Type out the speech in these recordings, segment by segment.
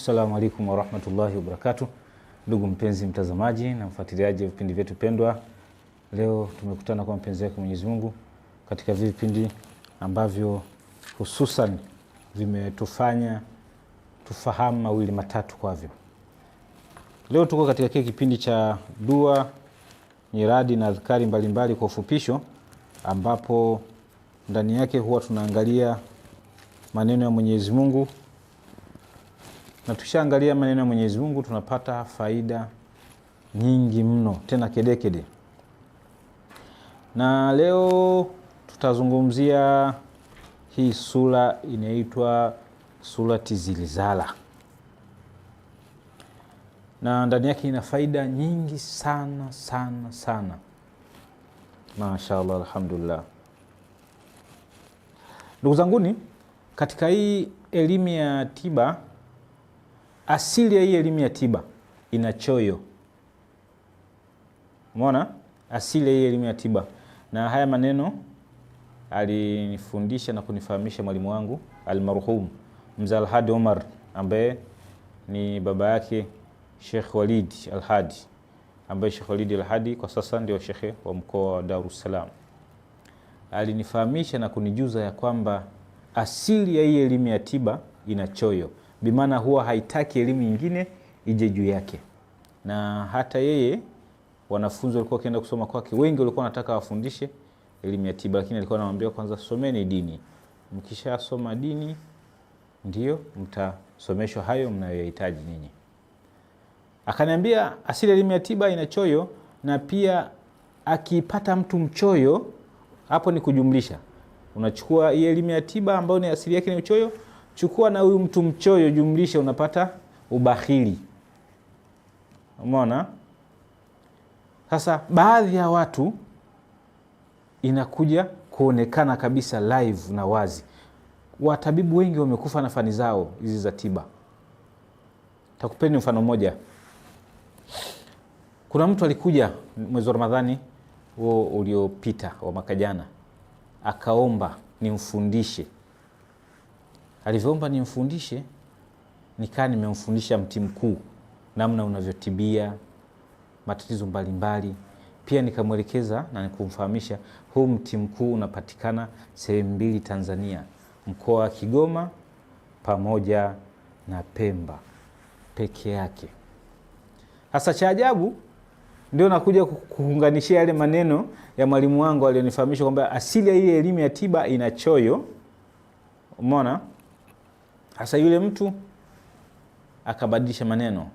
Assalamu alaikum warahmatullahi wabarakatu Ndugu mpenzi mtazamaji na mfuatiliaji wa vipindi vyetu pendwa, leo tumekutana kwa mpenzi wake Mwenyezi Mungu katika vipindi ambavyo hususan vimetufanya tufahamu mawili matatu kwavyo. Leo tuko katika kile kipindi cha dua, nyiradi na adhkari mbalimbali kwa ufupisho, ambapo ndani yake huwa tunaangalia maneno ya Mwenyezi Mungu na tukishaangalia maneno ya Mwenyezi Mungu tunapata faida nyingi mno tena kedekede. Na leo tutazungumzia hii sura inaitwa Surati Zilzala, na ndani yake ina faida nyingi sana sana sana, mashaallah, alhamdulillah. Ndugu zanguni, katika hii elimu ya tiba asili ya hii elimu ya tiba ina choyo. Umeona asili ya hii elimu ya tiba, na haya maneno alinifundisha na kunifahamisha mwalimu wangu almarhum Mzee Alhadi Omar ambaye ni baba yake Sheikh Walid Alhadi ambaye Sheikh Walid Alhadi kwa sasa ndio shekhe wa mkoa wa Dar es Salaam. Alinifahamisha na kunijuza ya kwamba asili ya hii elimu ya tiba ina choyo bimaana huwa haitaki elimu nyingine ije juu yake. Na hata yeye wanafunzi walikuwa wakienda kusoma kwake, wengi walikuwa wanataka wafundishe elimu ya tiba, lakini alikuwa anawaambia kwanza, someni dini. Mkishasoma dini ndio mtasomeshwa hayo mnayoyahitaji ninyi. Akaniambia asili elimu ya tiba ina choyo, na pia akipata mtu mchoyo, hapo ni kujumlisha, unachukua hii elimu ya tiba ambayo ni asili yake ni uchoyo chukua na huyu mtu mchoyo, jumlisha, unapata ubahili. Umeona? Sasa baadhi ya watu inakuja kuonekana kabisa live na wazi. Watabibu wengi wamekufa na fani zao hizi za tiba. Takupeni mfano mmoja. Kuna mtu alikuja mwezi wa Ramadhani huo uliopita wa mwaka jana, akaomba nimfundishe alivyoomba nimfundishe, nikaa nimemfundisha mti mkuu, namna unavyotibia matatizo mbalimbali. Pia nikamwelekeza na nikumfahamisha huu mti mkuu unapatikana sehemu mbili Tanzania, mkoa wa Kigoma pamoja na Pemba peke yake. Hasa cha ajabu ndio nakuja kuunganishia yale maneno ya mwalimu wangu alionifahamisha kwamba asili ya ile elimu ya tiba ina choyo. mona sasa yule mtu akabadilisha maneno,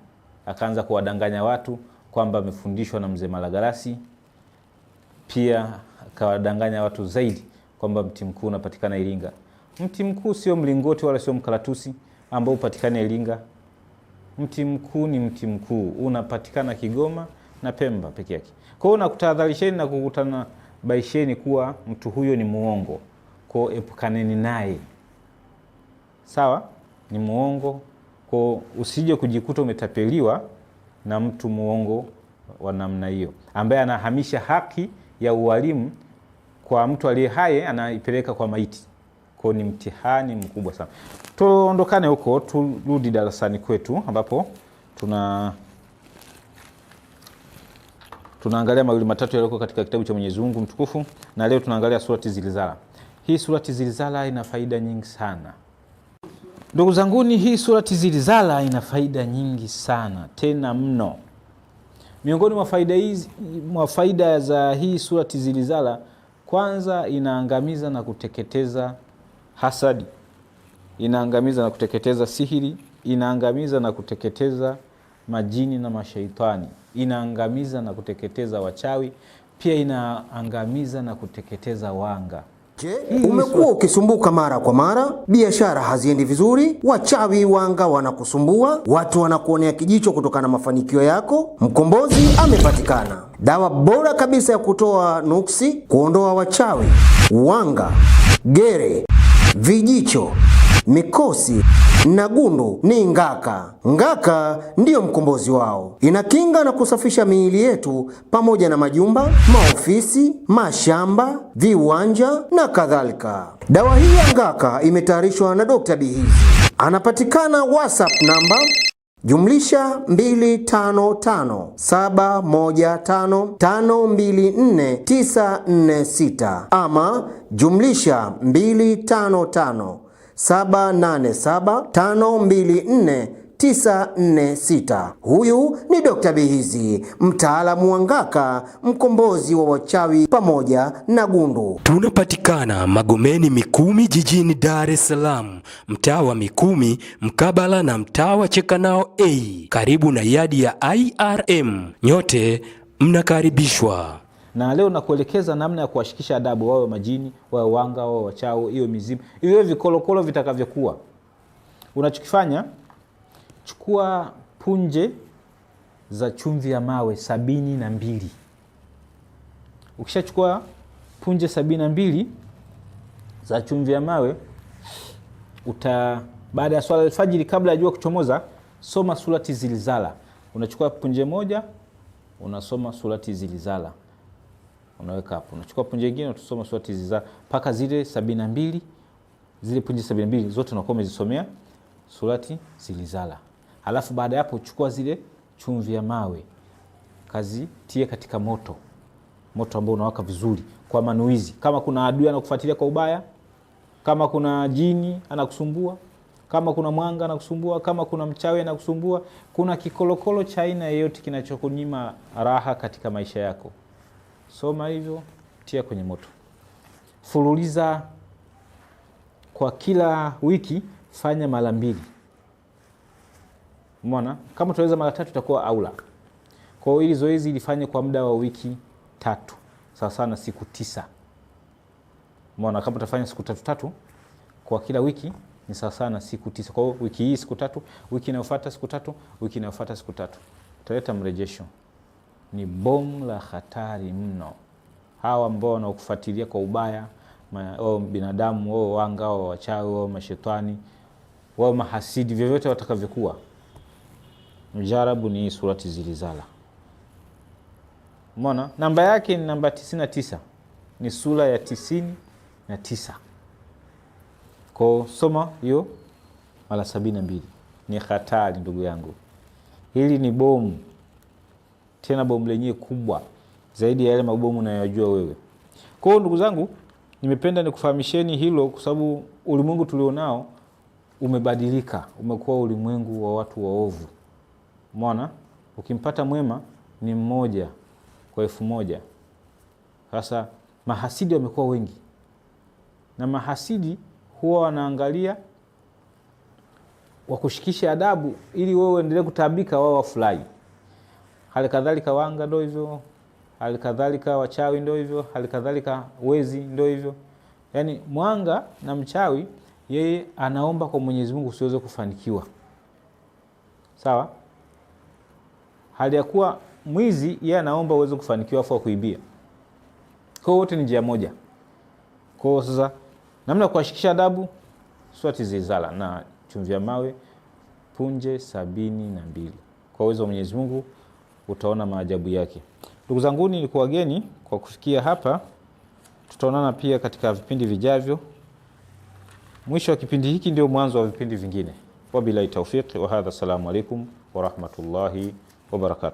akaanza kuwadanganya watu kwamba amefundishwa na mzee Malagarasi. Pia akawadanganya watu zaidi kwamba mti mkuu unapatikana Iringa. Mti mkuu sio mlingoti wala sio mkaratusi ambao upatikana Iringa. Mti mkuu ni mti mkuu, unapatikana Kigoma na Pemba peke yake. Kwa hiyo nakutahadharisheni na kukutana baisheni kuwa mtu huyo ni muongo, kwa hiyo epukaneni naye, sawa ni muongo, kwa usije kujikuta umetapeliwa na mtu muongo wa namna hiyo, ambaye anahamisha haki ya ualimu kwa mtu aliye haye anaipeleka kwa maiti. Kwa ni mtihani mkubwa sana. Tuondokane huko, turudi darasani kwetu ambapo tuna tunaangalia mawili matatu yaliyoko katika kitabu cha Mwenyezi Mungu mtukufu, na leo tunaangalia surati zilizala Hii surati zilizala ina faida nyingi sana. Ndugu zanguni, hii surati Zilzala ina faida nyingi sana tena mno. Miongoni mwa faida hizi, mwa faida za hii surati Zilzala, kwanza inaangamiza na kuteketeza hasadi, inaangamiza na kuteketeza sihiri, inaangamiza na kuteketeza majini na mashaitani, inaangamiza na kuteketeza wachawi, pia inaangamiza na kuteketeza wanga. Je, umekuwa ukisumbuka mara kwa mara, biashara haziendi vizuri, wachawi wanga wanakusumbua, watu wanakuonea kijicho kutokana na mafanikio yako? Mkombozi amepatikana, dawa bora kabisa ya kutoa nuksi, kuondoa wachawi, wanga, gere, vijicho mikosi na gundu ni ngaka. Ngaka ndiyo mkombozi wao, inakinga na kusafisha miili yetu pamoja na majumba, maofisi, mashamba, viwanja na kadhalika. Dawa hii ya ngaka imetayarishwa na Dr. Bihizi, anapatikana WhatsApp namba jumlisha 255715524946 ama jumlisha 255 787524946. Huyu ni Dr. Bihizi, mtaalamu wa ngaka, mkombozi wa wachawi pamoja na gundu. Tunapatikana Magomeni Mikumi jijini Dar es Salaam, mtaa wa Mikumi mkabala na mtaa wa Chekanao A, karibu na yadi ya IRM. Nyote mnakaribishwa na leo nakuelekeza namna ya kuwashikisha adabu, wawe majini, wawe wanga, wawe wachao hiyo mizimu, iwe vikolokolo vitakavyokuwa. Unachokifanya, chukua punje za chumvi ya mawe sabini na mbili. Ukishachukua punje sabini na mbili za chumvi ya mawe uta, baada ya swala alfajiri, kabla ya jua kuchomoza, soma surati zilizala Unachukua punje moja, unasoma surati zilizala unaweka hapo, unachukua punje nyingine utasoma swati hizi za paka zile 72 zile punje 72 zote unakuwa umezisomea surati zilizala. Halafu baada ya hapo chukua zile chumvi ya mawe kazi tie katika moto, moto ambao unawaka vizuri kwa manuizi. Kama kuna adui anakufuatilia kwa ubaya, kama kuna jini anakusumbua, kama kuna mwanga anakusumbua, kama kuna mchawi anakusumbua, kuna kikolokolo cha aina yeyote kinachokunyima raha katika maisha yako soma hivyo, tia kwenye moto. Fululiza kwa kila wiki, fanya mara mbili. Umeona, kama tutaweza mara tatu itakuwa aula. Kwa hiyo hili zoezi lifanye kwa muda wa wiki tatu, sawa sawa na siku tisa. Umeona, kama utafanya siku tatu tatu kwa kila wiki ni sawa sawa na siku tisa. Kwa hiyo wiki hii siku tatu, wiki inayofuata siku tatu, wiki inayofuata siku tatu, utaleta mrejesho ni bomu la hatari mno. Hawa ambao wanaokufuatilia kwa ubaya o binadamu o wanga o wachawi o mashetani wao mahasidi, vyovyote watakavyokuwa, mjarabu ni surati zilizala mona namba yake ni namba 99, ni sura ya tisini na tisa. ko soma hiyo mara sabini Ni hatari ndugu yangu, hili ni bomu tena bomu lenyewe kubwa zaidi ya yale mabomu unayoyajua wewe. Kwa hiyo ndugu zangu, nimependa nikufahamisheni hilo kwa sababu ulimwengu tulionao umebadilika, umekuwa ulimwengu wa watu waovu. Umeona, ukimpata mwema ni mmoja kwa elfu moja. Sasa mahasidi wamekuwa wengi, na mahasidi huwa wanaangalia wakushikisha adabu ili wewe uendelee kutabika, wao wafurahi halikadhalika wanga ndo hivyo, halikadhalika wachawi ndo hivyo, halikadhalika wezi ndo hivyo. Yani mwanga na mchawi yeye anaomba kwa Mwenyezi Mungu usiweze kufanikiwa, sawa. Hali ya kuwa mwizi yeye anaomba uweze kufanikiwa afu kuibia. Kwa hiyo wote ni njia moja. Kwa hiyo sasa, namna kuwashikisha adabu, swati zizala na chumvia mawe punje sabini na mbili kwa uwezo wa Mwenyezi Mungu utaona maajabu yake. Ndugu zangu, kuwageni kwa kufikia hapa, tutaonana pia katika vipindi vijavyo. Mwisho wa kipindi hiki ndio mwanzo wa vipindi vingine. Wabillahi taufiq wa hadha, assalamu alaikum warahmatullahi wabarakatu